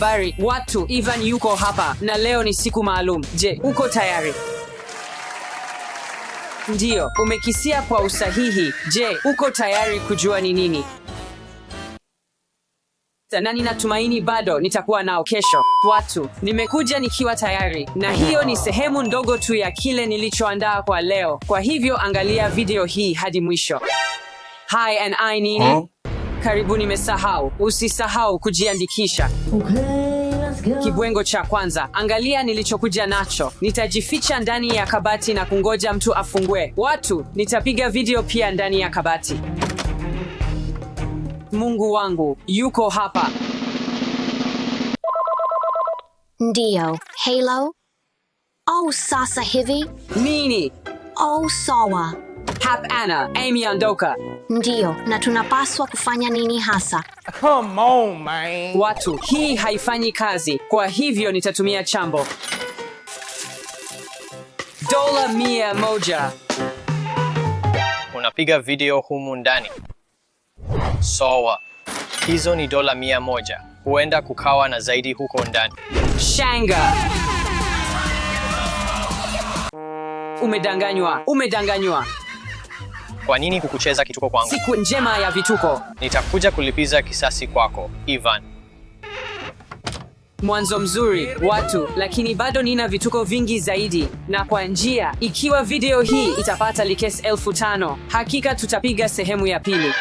habari watu, Ivan yuko hapa na leo ni siku maalum. Je, uko tayari? Ndiyo, umekisia kwa usahihi. Je, uko tayari kujua ni nini? na ninatumaini bado nitakuwa nao kesho. Watu, nimekuja nikiwa tayari, na hiyo ni sehemu ndogo tu ya kile nilichoandaa kwa leo. Kwa hivyo angalia video hii hadi mwisho. Hi and I huh? Karibu nimesahau. Usisahau kujiandikisha. Okay, kibwengo cha kwanza. Angalia nilichokuja nacho. Nitajificha ndani ya kabati na kungoja mtu afungue. Watu, nitapiga video pia ndani ya kabati. Mungu wangu yuko hapa. Ndio, Halo. Oh, sasa hivi. Nini? Oh, sawa. Hap Anna, Amy Andoka. Ndio, na tunapaswa kufanya nini hasa? Come on, man. Watu, hii haifanyi kazi, kwa hivyo nitatumia chambo. Dola mia moja. Unapiga video humu ndani. Sawa. Hizo ni dola mia moja. Huenda kukawa na zaidi huko ndani. Shanga. Umedanganywa. Umedanganywa. Kwa nini kukucheza kituko kwangu? Siku njema ya vituko. Nitakuja kulipiza kisasi kwako, Ivan. Mwanzo mzuri watu, lakini bado nina vituko vingi zaidi, na kwa njia, ikiwa video hii itapata likes elfu tano hakika tutapiga sehemu ya pili.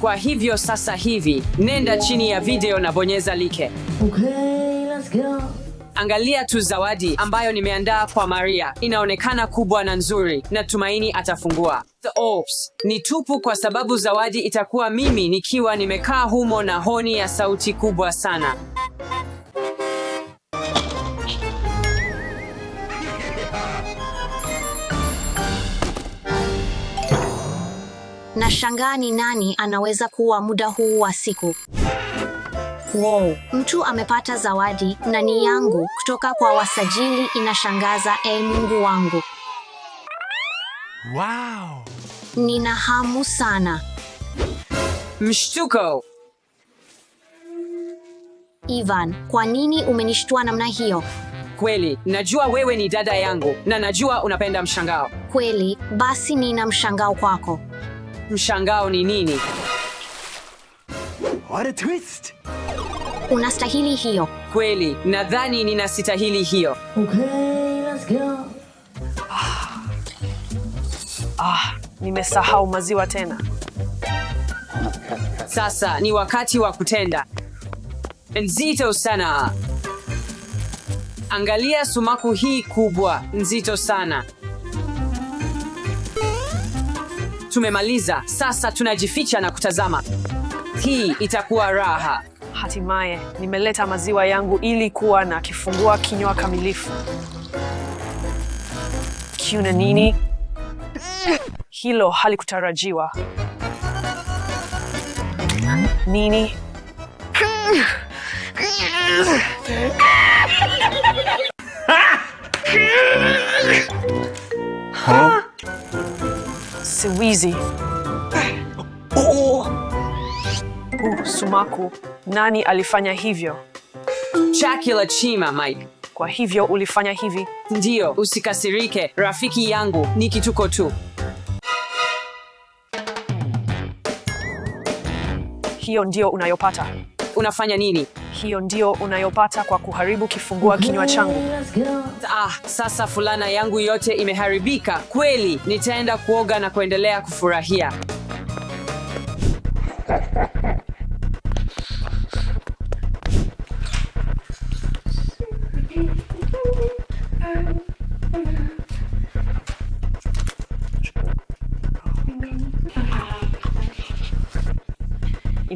Kwa hivyo sasa hivi nenda chini ya video na bonyeza like. Okay, let's go. Angalia tu zawadi ambayo nimeandaa kwa Maria, inaonekana kubwa na nzuri. Natumaini atafungua. Oops, ni tupu kwa sababu zawadi itakuwa mimi nikiwa nimekaa humo na honi ya sauti kubwa sana. Nashangaa ni nani anaweza kuwa muda huu wa siku. Wow, mtu amepata zawadi na ni yangu kutoka kwa wasajili. Inashangaza, e Mungu wangu. Wow, nina hamu sana. Mshtuko Ivan, kwa nini umenishtua namna hiyo? Kweli, najua wewe ni dada yangu na najua unapenda mshangao. Kweli, basi nina mshangao kwako. Mshangao ni nini? What a twist! Unastahili hiyo kweli. Nadhani ninastahili hiyo. Okay, let's go. Ah, ah. nimesahau maziwa tena. Sasa ni wakati wa kutenda. Nzito sana. Angalia sumaku hii kubwa, nzito sana. Tumemaliza. Sasa tunajificha na kutazama. Hii itakuwa raha. Hatimaye nimeleta maziwa yangu ili kuwa na kifungua kinywa kamilifu. Kiuna nini? Hilo halikutarajiwa. Nini? Huh? sumaku. Nani alifanya hivyo? Chakula chima, Mike. Kwa hivyo ulifanya hivi? Ndiyo, usikasirike rafiki yangu, ni kituko tu. Hiyo ndio unayopata. Unafanya nini? Hiyo ndio unayopata kwa kuharibu kifungua kinywa changu. Ah, sasa fulana yangu yote imeharibika kweli. Nitaenda kuoga na kuendelea kufurahia.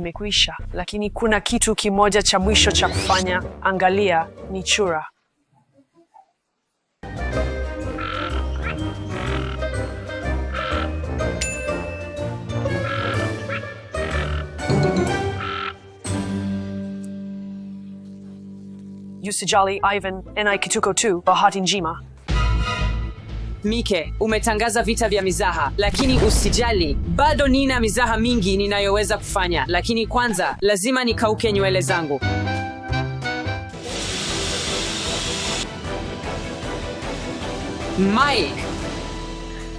imekwisha, lakini kuna kitu kimoja cha mwisho cha kufanya. Angalia, ni chura. Usijali Ivan, na kituko tu, bahati njema. Mike, umetangaza vita vya mizaha, lakini usijali, bado nina mizaha mingi ninayoweza kufanya, lakini kwanza lazima nikauke nywele zangu. Mike.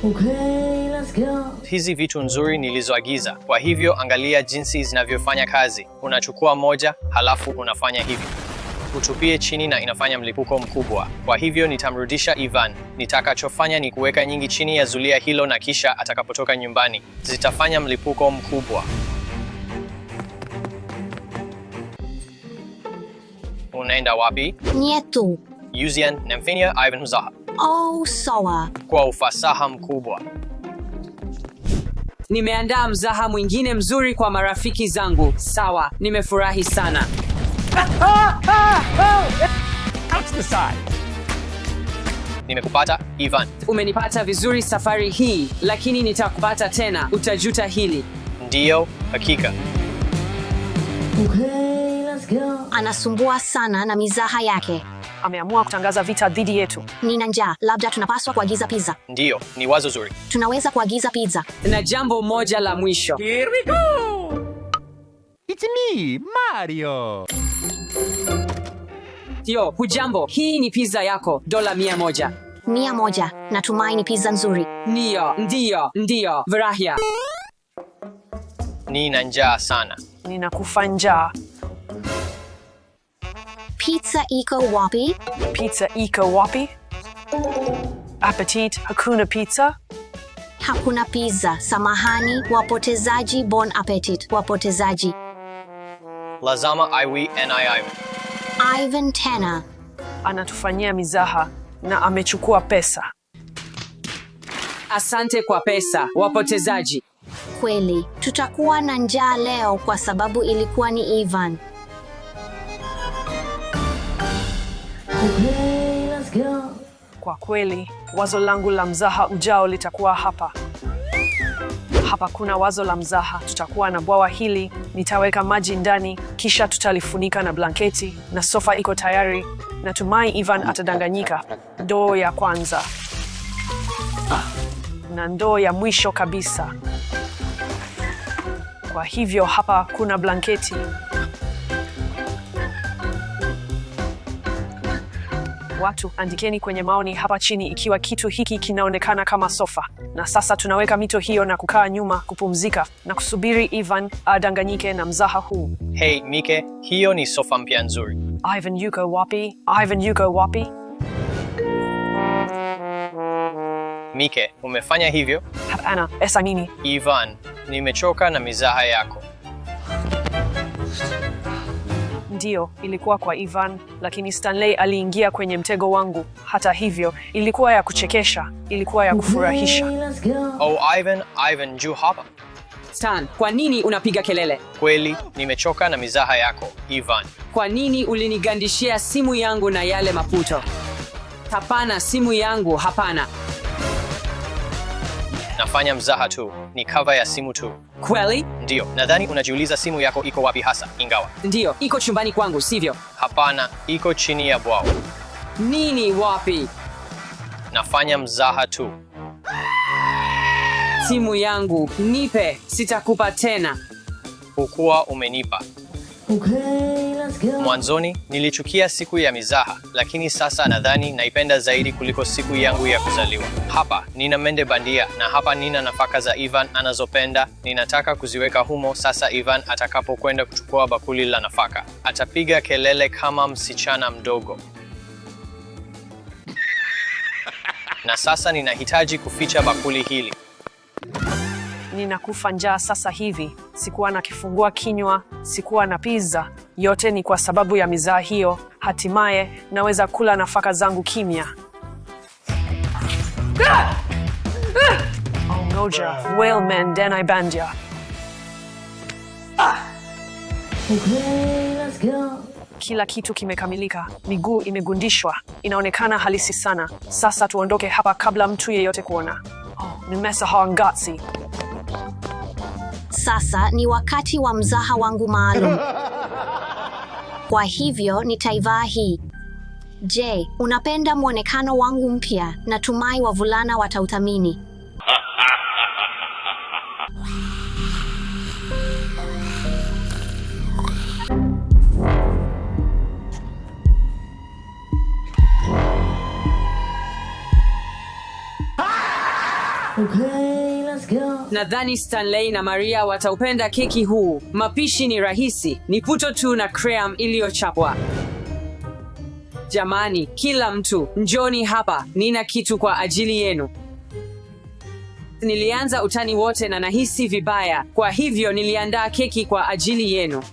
Okay, let's go. Hizi vitu nzuri nilizoagiza, kwa hivyo angalia jinsi zinavyofanya kazi. Unachukua moja, halafu unafanya hivi hutupie chini na inafanya mlipuko mkubwa. Kwa hivyo nitamrudisha Ivan. Nitakachofanya ni kuweka nyingi chini ya zulia hilo, na kisha atakapotoka nyumbani zitafanya mlipuko mkubwa. Unaenda wapi? Nyetu. Yuzian Nemfinia Ivan Huzaha. Oh, sawa. Kwa ufasaha mkubwa. Nimeandaa mzaha mwingine mzuri kwa marafiki zangu. Sawa, nimefurahi sana. the side. Nimekupata Ivan. Umenipata vizuri safari hii, lakini nitakupata tena, utajuta hili. Ndiyo, hakika. Anasumbua sana na mizaha yake. Ameamua kutangaza vita dhidi yetu. Nina njaa, labda tunapaswa kuagiza pizza. Ndiyo, ni wazo zuri. Tunaweza kuagiza pizza. Na jambo moja la mwisho. Here we go. It's me, Mario. Yo, hujambo? Hii ni pizza yako, dola mia moja. Mia moja. Natumai ni pizza nzuri. Ndiyo, ndiyo, ndiyo. Varahia. nina njaa sana. Ninakufa njaa. Pizza iko wapi? Pizza iko wapi? Appetit, hakuna pizza. Hakuna pizza. Samahani wapotezaji. Bon appetit wapotezaji. Lazama iwi ni Ivan Tanner. Anatufanyia mizaha na amechukua pesa. Asante kwa pesa, wapotezaji. Kweli, tutakuwa na njaa leo kwa sababu ilikuwa ni Ivan. Kwa kweli, wazo langu la mzaha ujao litakuwa hapa hapa kuna wazo la mzaha. Tutakuwa na bwawa hili, nitaweka maji ndani, kisha tutalifunika na blanketi na sofa iko tayari. Natumai Ivan atadanganyika. Ndoo ya kwanza na ndoo ya mwisho kabisa. Kwa hivyo hapa kuna blanketi watu, andikeni kwenye maoni hapa chini ikiwa kitu hiki kinaonekana kama sofa. Na sasa tunaweka mito hiyo na kukaa nyuma kupumzika na kusubiri Ivan adanganyike na mzaha huu. Hey Nike, hiyo ni sofa mpya nzuri. Ivan yuko wapi? Ivan yuko wapi? Nike, umefanya hivyo? Hapana, esa nini? Ivan, nimechoka na mizaha yako. ndio ilikuwa kwa Ivan, lakini Stanley aliingia kwenye mtego wangu. Hata hivyo, ilikuwa ya kuchekesha, ilikuwa ya kufurahisha. Oh, Ivan, Ivan, juu hapa. Stan, kwa nini unapiga kelele? Kweli nimechoka na mizaha yako Ivan. Kwa nini ulinigandishia simu yangu na yale maputo? Hapana, simu yangu, hapana. Nafanya mzaha tu, ni cover ya simu tu. Kweli? Ndiyo. Nadhani unajiuliza simu yako iko wapi hasa, ingawa ndiyo iko chumbani kwangu, sivyo? Hapana, iko chini ya bwao. Nini? Wapi? Nafanya mzaha tu. Simu yangu nipe, sitakupa tena. Hukuwa umenipa. Mwanzoni nilichukia siku ya mizaha, lakini sasa nadhani naipenda zaidi kuliko siku yangu ya kuzaliwa. Hapa nina mende bandia na hapa nina nafaka za Ivan anazopenda. Ninataka kuziweka humo sasa. Ivan atakapokwenda kuchukua bakuli la nafaka, atapiga kelele kama msichana mdogo. Na sasa ninahitaji kuficha bakuli hili ninakufa njaa sasa hivi. Sikuwa na kifungua kinywa, sikuwa na pizza. Yote ni kwa sababu ya mizaa hiyo. Hatimaye naweza kula nafaka zangu kimya. Oh, Kila kitu kimekamilika, miguu imegundishwa, inaonekana halisi sana. Sasa tuondoke hapa kabla mtu yeyote kuona. Oh, nimesahau ngati sasa ni wakati wa mzaha wangu maalum. Kwa hivyo nitaivaa hii. Je, unapenda mwonekano wangu mpya? Natumai wavulana watauthamini. Nadhani Stanley na Maria wataupenda keki huu. Mapishi ni rahisi, ni puto tu na cream iliyochapwa. Jamani, kila mtu njoni hapa, nina kitu kwa ajili yenu. Nilianza utani wote na nahisi vibaya, kwa hivyo niliandaa keki kwa ajili yenu.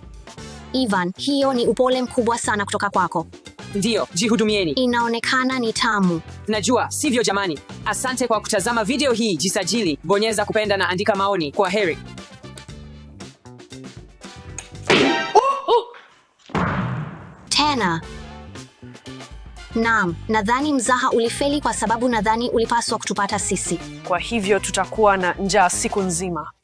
Ivan, hiyo ni upole mkubwa sana kutoka kwako. Ndiyo, jihudumieni. Inaonekana ni tamu. Najua, sivyo jamani? Asante kwa kutazama video hii. Jisajili, bonyeza kupenda na andika maoni. Kwa heri. Oh, oh. Tena. Naam, nadhani mzaha ulifeli kwa sababu nadhani ulipaswa kutupata sisi. Kwa hivyo tutakuwa na njaa siku nzima.